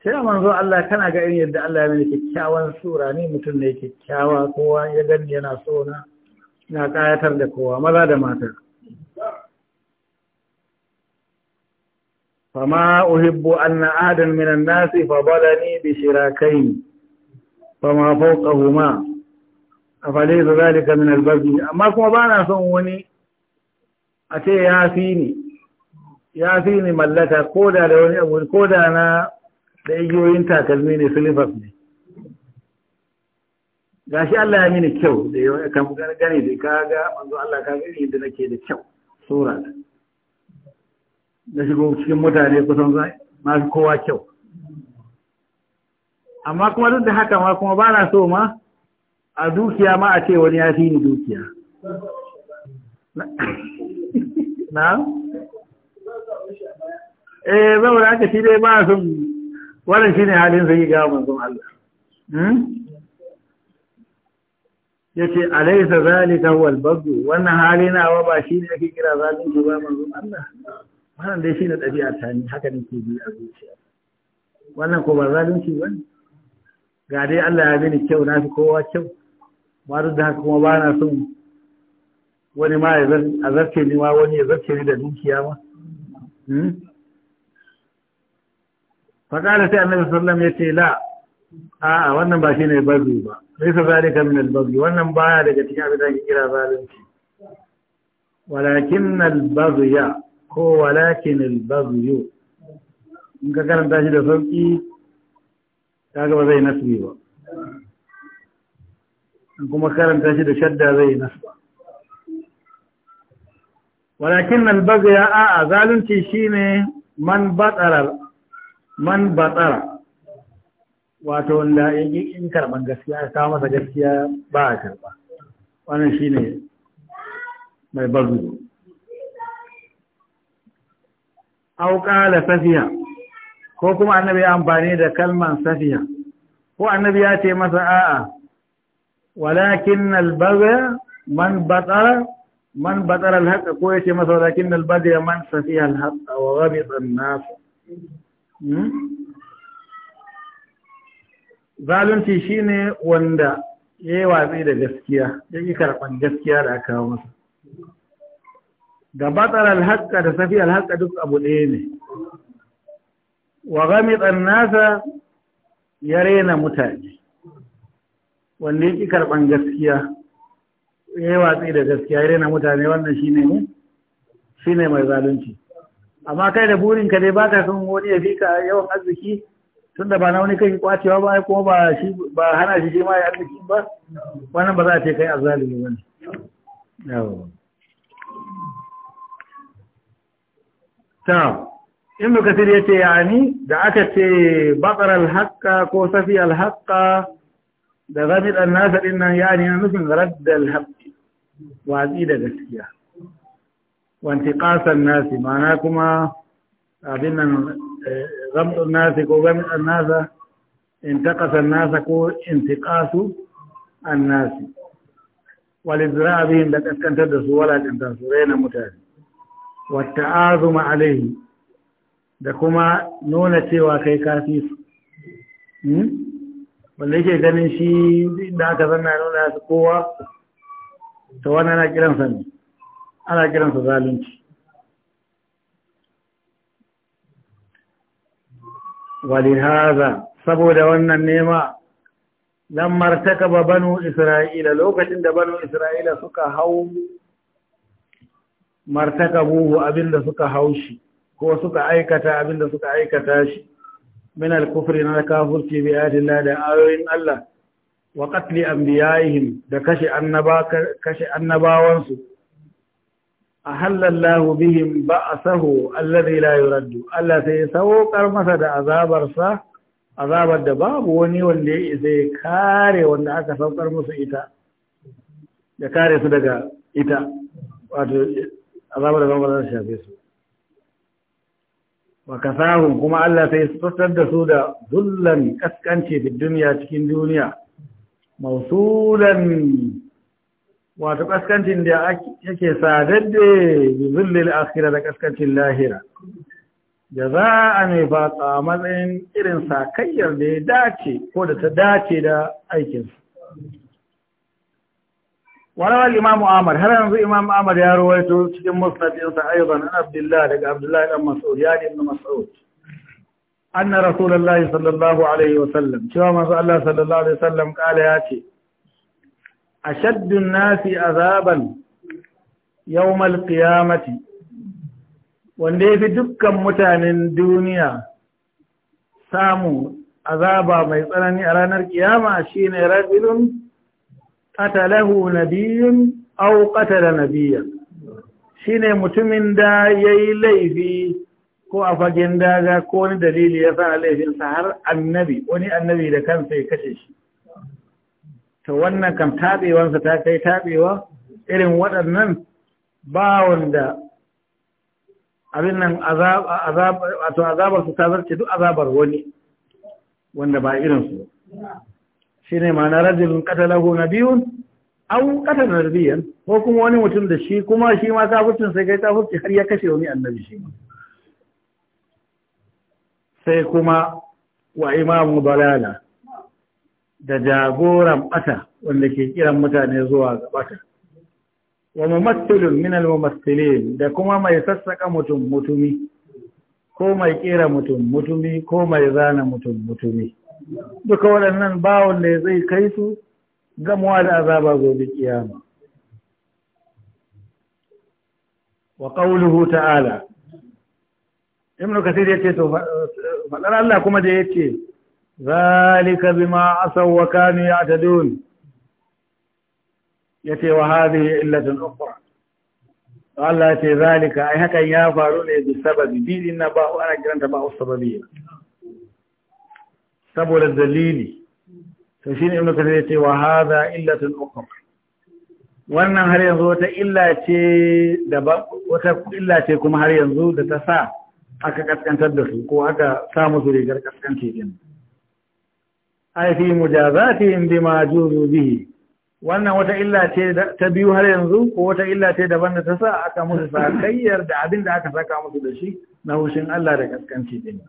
sai manzon Allah kana ga irin yadda Allah ya mini kyakkyawan sura ni mutum ne kyakkyawa kowa ya gani yana so na na kayatar da kowa maza da mata فما أحب أن أحدا من الناس فضلني بشراكين فما فوقهما أفليس ذلك من البذل أما كما بانا سنوني أتي يا ياسيني ياسيني ملكا قودة لوني أبو قودة أنا لأيو إنتا تاكلميني سلفصني gashi Allah ya mini kyau da yau kan gani da kaga manzo Allah ka gani da nake da kyau sura ta na shigo cikin mutane kusan na fi kowa kyau amma kuma duk da haka ma kuma ba na so ma a dukiya ma a ce wani ya fi ni dukiya <laughs> na? eh zaura haka shi dai ba sun wani shi ne halin zai gawa manzon Allah hmm? ya ce alaisa zalika ta bagdu wannan hali wa ba shi ne ake kira zalunci ba manzon Allah wannan dai shi ne ɗabi'a ta ne haka ke biyu a zuciya wannan ko ba zalunci ba ne ga dai Allah ya bani kyau na fi kowa kyau ba duk da haka kuma ba na son wani ma ya zarce ni ma wani ya zarce ni da dukiya ma hmm? faƙala sai annabi sallam ya ce la a'a wannan ba shi ne bazu ba sai sa zalika min al-bazu wannan baya daga cikin abin da ake kira zalunci walakin al-bazu ya ko walakin albaghyu in ka karanta shi da sauki kaga ba zai nasbi ba in kuma karanta shi da shadda zai nasba walakin albaghya a zalunci shine man batara man batara wato wanda in karban gaskiya ta masa gaskiya ba a karba wannan shine mai bazu au qala safiya ko kuma annabi ya amfani da kalman safiya ko annabi ya ce masa a'a walakin al man batara man batara al-haqq ko ya ce masa walakin al man safiya al-haqq wa ghamita an-nas hmm? zalunci shine wanda yayi watsi da gaskiya yayi karban gaskiya da aka kawo masa da batar alhaka da safi alhaka duk abu ɗaya ne wa gami nasa ya rena mutane wanda ya ƙi karɓan gaskiya ya yi watsi da gaskiya ya rena mutane wannan shi ne shi ne mai zalunci amma kai da burinka dai ba ka son wani ya fi ka yawan arziki tun da ba na wani kai kwacewa ba kuma ba shi ba hana shi shi ma ya arziki ba wannan ba za a ce kai azzalimi ba ne نعم ابن كثير يعني دعك تي بقر الحق كو صفي الحق دغمد الناس ان يعني مثل رد الحق وعزيده غسكيا وانتقاص الناس معناكما عبدنا غمد الناس كو الناس انتقص الناس كو انتقاص الناس والإزراع بهم لا أسكن تدرس ولا أن تنصرين متاني wata azuma alaihi da kuma nuna cewa kai kafi su hmm? wanda yake ganin shi da aka zanna nuna su kowa ta wani ana kiransa ne ana kiransa zalunci haza saboda wannan nema lamar taka banu isra'ila lokacin da banu isra'ila suka hau martaka buhu abinda suka haushi ko suka aikata abinda suka aikata shi min al-kufri na kafirci bi ayatillah da ayoyin Allah wa qatli anbiya'ihim da kashe annaba kashe su ahallallahu bihim ba'asahu alladhi la yuraddu Allah sai saukar masa da azabarsa azabar da babu wani wanda ya isa ya kare wanda aka saukar musu ita ya kare su daga ita wato azabar da za su shafe su wa kasahun kuma Allah sai tsattar da su da zullan kaskanci fi duniya cikin duniya mausulan wato kaskancin da yake sadadde bi zullil akhira da kaskancin lahira jaza'a mai fatsa matsayin irin sakayyar da ya dace ko da ta dace da aikinsa. وروى الإمام أحمد هل ينظر إمام أحمد يا رويته تجم مسند أيضا عن عبد الله لك عبد الله بن مسعود يعني ابن مسعود أن رسول الله صلى الله عليه وسلم شو ما الله صلى الله عليه وسلم قال ياتي أشد الناس عذابا يوم القيامة wanda ya fi dukkan mutanen duniya samu azaba mai tsanani a ranar kiyama shine rajulun qatalahu nabiyyun aw qatala nabiyyan shine mutumin da yayi laifi ko a fagen daga ko wani dalili ya sa laifinsa har annabi wani annabi da kansa ya kashe shi ta wannan kam taɓewansa ta kai taɓewa irin waɗannan ba wanda abin nan su ta zarce duk azabar wani wanda ba irinsu shine ma'ana na biyun nabiyun aw na biyan ko kuma wani mutum da shi kuma shi ma kafircin sai kai kafirci har ya kashe wani annabi shi sai kuma wa imamu balala da jagoran bata wanda ke kiran mutane zuwa ga bata wa mumassilun min al da kuma mai sassaka mutum mutumi ko mai kera mutum mutumi ko mai zana mutum mutumi duka waɗannan bawon da zai kai su gamuwa da azaba gobe kiyama wa qawluhu ta'ala ibn kasir yace to fadar Allah kuma da yace zalika bima asaw wa kanu ya'tadun yace wa hadhihi illatun ukhra Allah yace zalika ai hakan ya faru ne bi sababi bi na ba ana kiranta ba sababi. saboda dalili to shine ibnu kathir ya ce wa hadha illatun ukhra wannan har yanzu wata illa ce daban wata illa ce kuma har yanzu da ta sa aka kaskantar da su ko aka sa musu rigar kaskanci din ai fi mujazatihim bima juzu bihi wannan wata illa ce ta biyu har yanzu ko wata illa ce daban da ta sa aka musu sakayyar da abin da aka saka musu da shi na hushin Allah da kaskanci din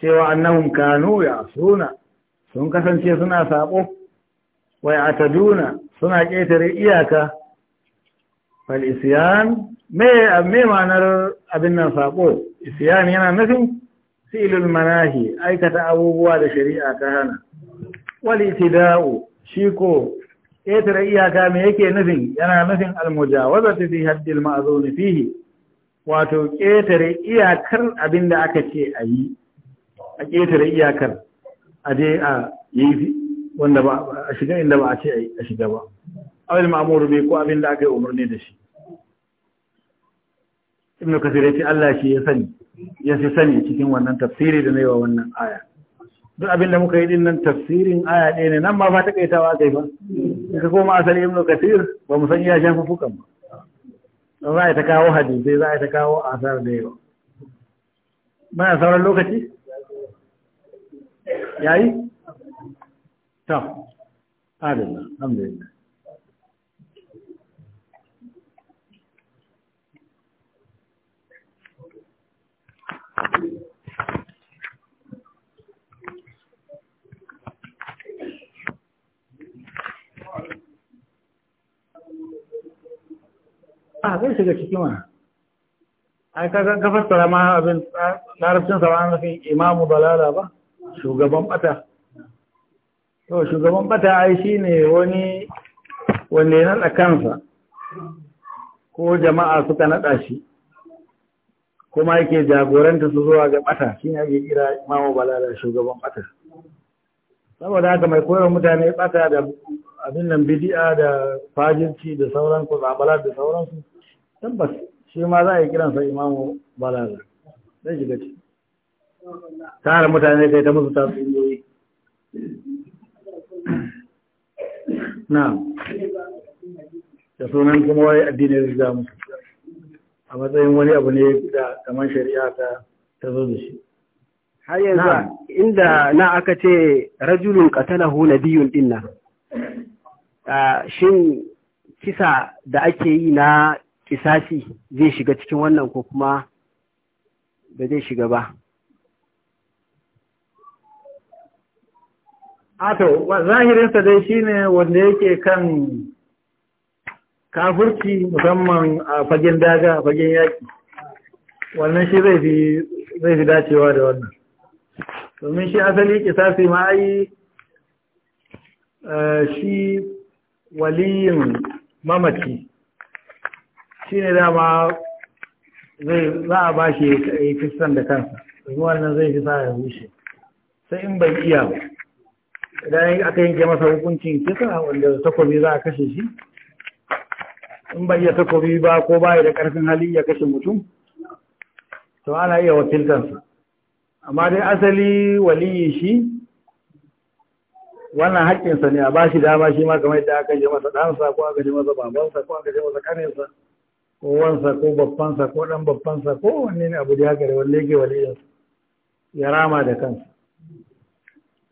cewa annahum kanu suna sun kasance suna Wai a ya'taduna suna ƙetare iyaka fal isyan me abin nan saƙo. Isiyan yana nufin fi'lul manahi aikata abubuwa da shari'a ta hana wal itida'u shi ko ƙetare iyaka me yake nufin yana nufin ta fi haddil ma'zuni fihi wato ƙetare iyakar abin da aka ce a yi a ƙetare iyakar a je a yi fi wanda ba a shiga inda ba a ce a shiga ba awil ma'amuru bai ko abin da aka yi umarni da shi ibn kasir ya ce Allah shi ya sani ya fi sani cikin wannan tafsiri da na yi wa wannan aya duk abin da muka yi din nan tafsirin aya ɗaya ne nan ma ba takaitawa aka yi ba in ka koma asali ibn kasir ba mu san iya shan fufukan ba za a ta kawo hadisai za a yi ta kawo asar da yawa Muna sauran lokaci yayi ta adalla alhamdulillah a ah, zai shiga cikin wani ai kaga gafar ma abin larabcin sa ba an imamu balala ba shugaban bata to shugaban bata ai shine wani wanda yana naɗa kansa ko jama'a suka naɗa shi kuma yake jagoranta su zuwa ga bata shine ake kira imamu balala shugaban bata saboda haka mai koyar mutane bata da abin nan bidi'a da fajirci da sauran zabala da sauransu tabbas shi ma za a yi kiransa imamu balala zai shiga ciki tara mutane zai ta musu tatsuniyoyi na da sunan kuma wani addinin riga musu a matsayin wani abu ne da kamar shari'a ta ta zo da shi har yanzu inda na aka ce rajulun qatalahu nabiyun dinna shin kisa da ake yi na kisasi zai shiga cikin wannan ko kuma ba zai shiga ba ato zahirinsa dai shine wanda yake kan kafurci musamman a fagen daga fagen yaki wannan shi zai fi zai fi dacewa da wannan domin shi asali kisasi ma yi eh, shi waliyin mamaci shi ne dama zai za a ba shi ya yi da kansa domin wannan zai fi sa ya rushe sai in bai iya ba idan aka yanke masa hukuncin kisa wanda takobi za a kashe shi in bai iya takobi ba ko bai da karfin hali ya kashe mutum to ana iya wakiltansa. amma dai asali waliyi shi wannan haƙƙinsa ne a ba shi dama shi ma kamar yadda aka je masa ɗansa ko aka je masa babansa ko aka je masa ƙaninsa ko wansa ko babbansa ko ɗan babbansa ko wanne ne abu da ya gare walle ke ya rama da kansa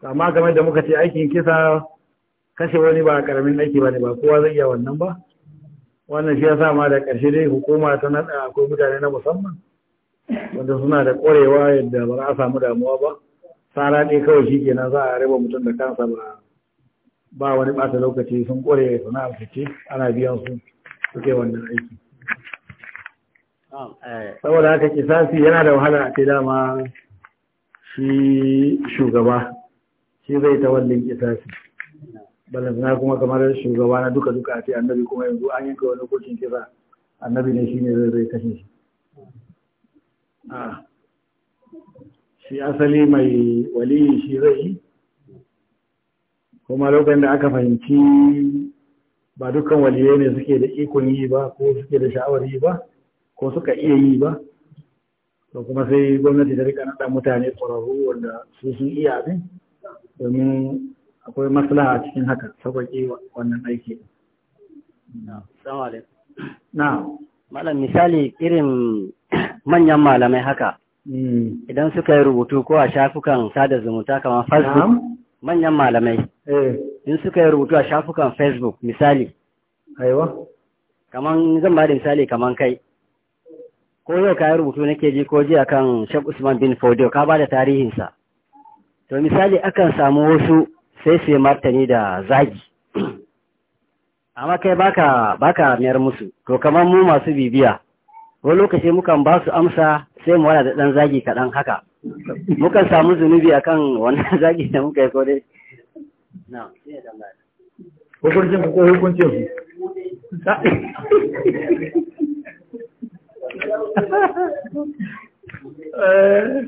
amma game da muka ce aikin kisa kashe wani ba karamin aiki ba ne ba kowa zai iya wannan ba wannan shi ya sa ma da karshe dai hukuma ta naɗa akwai mutane na musamman wanda suna da ƙwarewa yadda ba za a samu damuwa ba sara ne kawai shi kenan za a raba mutum da kansa ba ba wani ɓata lokaci sun ƙware sana'ar fice ana biyan su suke wannan aiki eh. saboda haka kisasi yana da wahala a ce dama shi shugaba shi zai ta wallin kitasi na kuma kamar shugaba na duka duka a ce annabi kuma yanzu an yanka wani kocin kisa annabi ne shi ne zai kashe shi shi asali mai waliyi shi zai yi kuma lokacin da aka fahimci ba dukkan waliyai ne suke da ikon yi ba ko suke da sha'awar yi ba ko suka iya yi ba to kuma sai gwamnati ta rika naɗa mutane ƙwararru wanda su sun iya abin domin akwai maslaha cikin haka sauƙaƙe wannan aiki na malam misali irin manyan malamai haka hmm. idan suka yi rubutu ko a shafukan sada zumunta kamar facebook manyan malamai eh. in suka yi rubutu a shafukan facebook misali aiwa kaman zan ba da misali kaman kai ko yau ka yi rubutu nake ji ko ji akan shek usman bin fodio ka ba da tarihinsa to misali akan samu wasu sai su martani da zagi <clears throat> amma kai baka baka mayar musu to kamar mu masu bibiya wani lokaci mukan ba su amsa sai mu wada da dan zagi kaɗan haka mukan samu zunubi akan wannan <laughs> zagi da muka yi kodai na hukuncin ko hukuncin <laughs> <laughs> Eh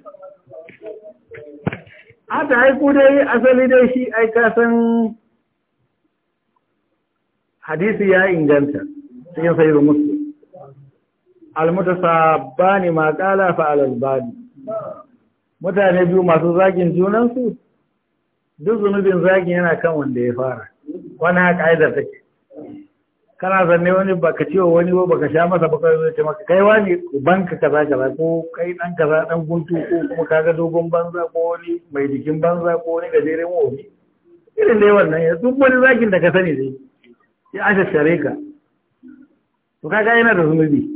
ata ta haiku dai asali dai shi ai kasan hadisi ya inganta cikin sayyid ba bani ma fa’alar ba mutane biyu masu zagin junansu duk zunubin zagin yana kan wanda ya fara wani haka take kana zanne wani baka ce wa wani ba baka sha masa baka zo ce maka kai wani banka kaza kaza ko kai dan kaza dan guntu ko kuma kaga dogon banza ko wani mai jikin banza ko wani gajeren wofi irin dai wannan ya duk wani zakin da ka sani dai ya asha share ka to kaga yana da zunubi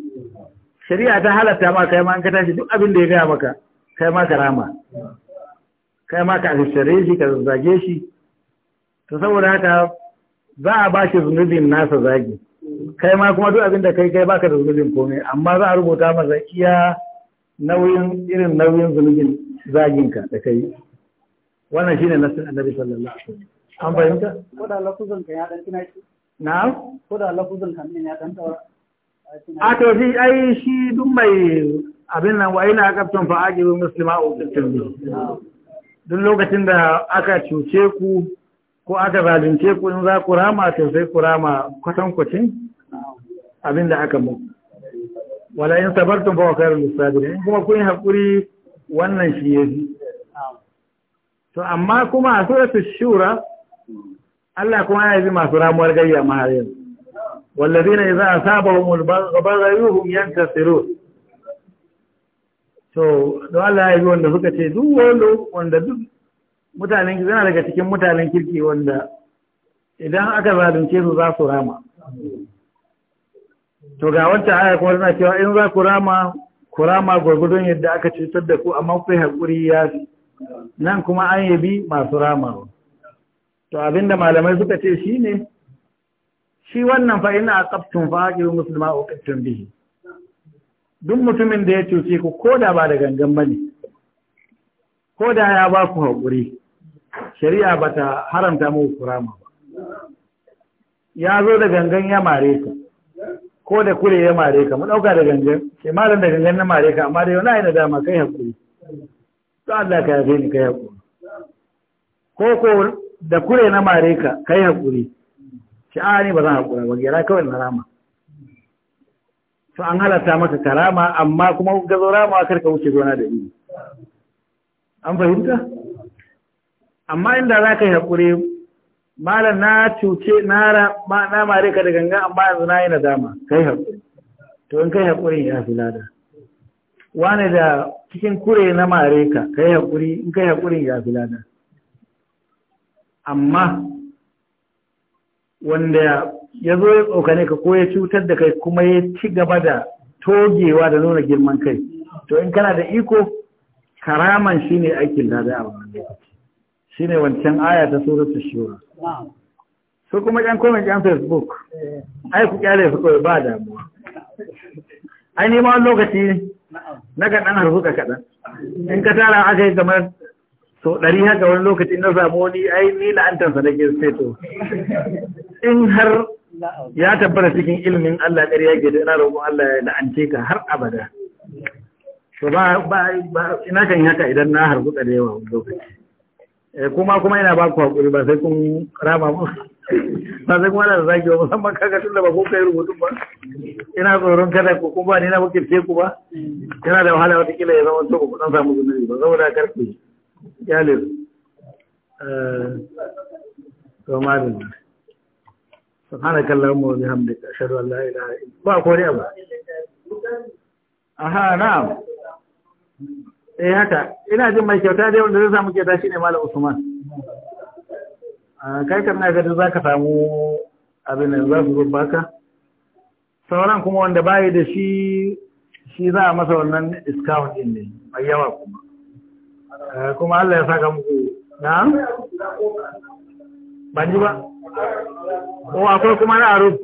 shari'a ta halatta ma kai ma an ka tashi duk abin da ya gaya maka kai ma karama kai ma ka asha shi ka zage shi to saboda haka za a ba shi zunubin nasa zagi kai ma kuma duk abin da kai kai baka da zunubin komai amma za a rubuta masa iya nauyin irin nauyin zunubin zaginka da kai wannan shine nasin annabi sallallahu alaihi wasallam an fahimta ko da lafuzin kan ya dan tuna shi na ko da lafuzin kan ya dan tawar a to shi ai shi duk mai abin nan wa ina kaftan fa ajibu muslima o kaftan duk lokacin da aka cuce ku ko aka zalunce ku in za ku rama to sai ku rama kwatankwacin abin da aka mu wala in sabartum fa khairul sabirin in kuma kun yi hakuri wannan shi yafi to amma kuma a suratul shura Allah kuma ya yi masu ramuwar gayya ma har yanzu wallazina idza asabahum al-baghayuhum yantasiru to don Allah ya yi wanda suka ce duk wanda duk mutanen kirki yana daga cikin mutanen kirki wanda idan aka zalunce su za su rama to ga wancan aya kuma suna cewa in za ku rama ku rama gwargwadon yadda aka cutar da ku amma ku haƙuri ya fi nan kuma an yi bi masu rama to abinda malamai suka ce shi ne shi wannan fa ina aqabtum fa wa musulma a aqtum bihi duk mutumin da ya cuce ku ko da ba da gangan ba ne. ko da ya ba ku haƙuri shari'a ba ta haramta mu kurama ba ya zo da gangan ya mare ka ko da kure ya mare ka mu dauka da gangan sai malam da gangan na mare ka amma da yau na yi dama kai hakuri to Allah ka yafe ni kai hakuri ko ko da kure na mare ka kai hakuri ni ba zan hakura ba gira kawai na rama to an halatta maka karama amma kuma zo rama karka wuce gona da iri an fahimta amma inda za ka yi haƙuri malam na cuce na na mare ka da ganga amma yanzu na yi Ka kai haƙuri to in kai haƙuri ya fi lada wani da cikin kure na mare ka kai haƙuri in kai haƙuri ya fi lada amma wanda ya zo ya tsokane ka ko ya cutar da kai kuma ya ci gaba da togewa da nuna girman kai to in kana da iko karaman shine aikin lada a wannan lokaci shine wancan aya ta suratul shura su kuma yan comment yan facebook eh. ai ku kyale su kawai ba damuwa ai ni ma lokaci na ga dan harfuka kaɗan. in ka tara aka yi kamar so ɗari haka wani lokaci na samu wani ai ni la'antar sa da ke seto in har ya tabbata cikin ilimin Allah ɗari ya gida ina roƙon Allah ya la'ance ka har abada to ba ba ina kan yi haka idan na harbu da yawa lokaci Eh, kuma kuma yana ba ku hakuri ba sai kun rama mu ba sai kuma da zaki ba musamman kaga tun da ba ku kai rubutun ba ina tsoron kada ku kuma ni na ce ku ba yana da wahala wata kila ya zama to ku dan samu zunubi ba saboda karfe eh to malin subhanaka allahumma wa bihamdika ashhadu an la ilaha illa ba ko ne ba aha na'am eh haka ina jin mai kyauta dai wanda zai samu kyauta shine malam usman ah, kai kan na ga za ka samu abin da za su baka sauran kuma wanda bayi da shi shi za a masa wannan discount din ne mai yawa kuma eh, kuma Allah ya saka muku na Ba ba oh, ko akwai kuma na aruf